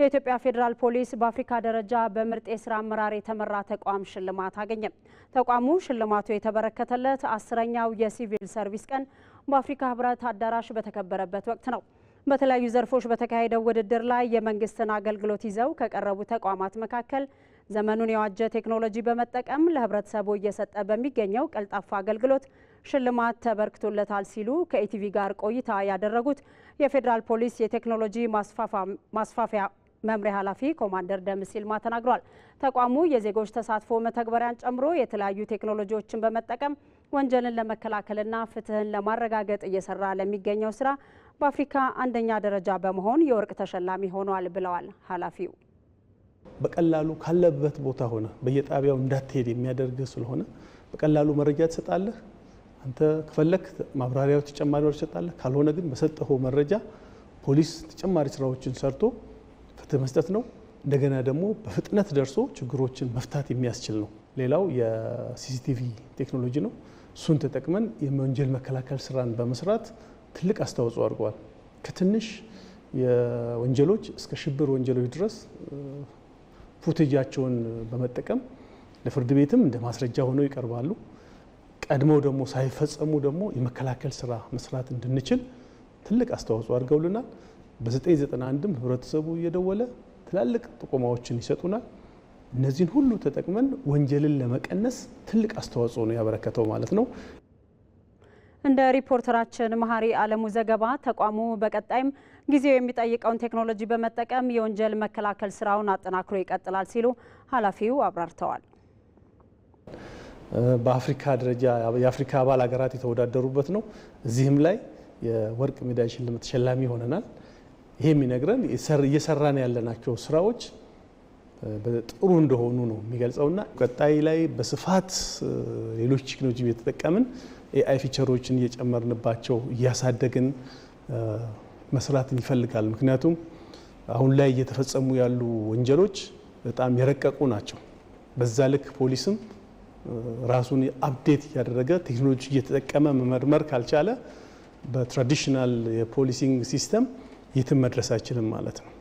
የኢትዮጵያ ፌዴራል ፖሊስ በአፍሪካ ደረጃ በምርጥ የስራ አመራር የተመራ ተቋም ሽልማት አገኘ። ተቋሙ ሽልማቱ የተበረከተለት አስረኛው የሲቪል ሰርቪስ ቀን በአፍሪካ ህብረት አዳራሽ በተከበረበት ወቅት ነው። በተለያዩ ዘርፎች በተካሄደው ውድድር ላይ የመንግስትን አገልግሎት ይዘው ከቀረቡ ተቋማት መካከል ዘመኑን የዋጀ ቴክኖሎጂ በመጠቀም ለህብረተሰቡ እየሰጠ በሚገኘው ቀልጣፋ አገልግሎት ሽልማት ተበርክቶለታል ሲሉ ከኢቲቪ ጋር ቆይታ ያደረጉት የፌዴራል ፖሊስ የቴክኖሎጂ ማስፋፊያ መምሪያ ኃላፊ ኮማንደር ደምስ ይልማ ተናግሯል። ተቋሙ የዜጎች ተሳትፎ መተግበሪያን ጨምሮ የተለያዩ ቴክኖሎጂዎችን በመጠቀም ወንጀልን ለመከላከልና ፍትህን ለማረጋገጥ እየሰራ ለሚገኘው ስራ በአፍሪካ አንደኛ ደረጃ በመሆን የወርቅ ተሸላሚ ሆኗል ብለዋል ኃላፊው። በቀላሉ ካለበት ቦታ ሆነ በየጣቢያው እንዳትሄድ የሚያደርግህ ስለሆነ በቀላሉ መረጃ ትሰጣለህ። አንተ ከፈለክ ማብራሪያዎች ተጨማሪዎች ትሰጣለህ። ካልሆነ ግን በሰጠኸው መረጃ ፖሊስ ተጨማሪ ስራዎችን ሰርቶ ፍትህ መስጠት ነው። እንደገና ደግሞ በፍጥነት ደርሶ ችግሮችን መፍታት የሚያስችል ነው። ሌላው የሲሲቲቪ ቴክኖሎጂ ነው። እሱን ተጠቅመን የወንጀል መከላከል ስራን በመስራት ትልቅ አስተዋጽኦ አድርገዋል። ከትንሽ የወንጀሎች እስከ ሽብር ወንጀሎች ድረስ ፉቴጃቸውን በመጠቀም ለፍርድ ቤትም እንደ ማስረጃ ሆነው ይቀርባሉ። ቀድመው ደግሞ ሳይፈጸሙ ደግሞ የመከላከል ስራ መስራት እንድንችል ትልቅ አስተዋጽኦ አድርገውልናል። በ991ም ህብረተሰቡ እየደወለ ትላልቅ ጥቆማዎችን ይሰጡናል። እነዚህን ሁሉ ተጠቅመን ወንጀልን ለመቀነስ ትልቅ አስተዋጽኦ ነው ያበረከተው ማለት ነው። እንደ ሪፖርተራችን መሀሪ አለሙ ዘገባ ተቋሙ በቀጣይም ጊዜው የሚጠይቀውን ቴክኖሎጂ በመጠቀም የወንጀል መከላከል ስራውን አጠናክሮ ይቀጥላል ሲሉ ኃላፊው አብራርተዋል። በአፍሪካ ደረጃ የአፍሪካ አባል ሀገራት የተወዳደሩበት ነው። እዚህም ላይ የወርቅ ሜዳሊያ ሽልማት ተሸላሚ ሆነናል። ይሄ የሚነግረን እየሰራን ያለናቸው ስራዎች ጥሩ እንደሆኑ ነው የሚገልጸውና ቀጣይ ላይ በስፋት ሌሎች ቴክኖሎጂ እየተጠቀምን ኤአይ ፊቸሮችን እየጨመርንባቸው እያሳደግን መስራትን ይፈልጋል። ምክንያቱም አሁን ላይ እየተፈጸሙ ያሉ ወንጀሎች በጣም የረቀቁ ናቸው። በዛ ልክ ፖሊስም ራሱን አፕዴት እያደረገ ቴክኖሎጂ እየተጠቀመ መመርመር ካልቻለ በትራዲሽናል የፖሊሲንግ ሲስተም የትም መድረሳችንም ማለት ነው።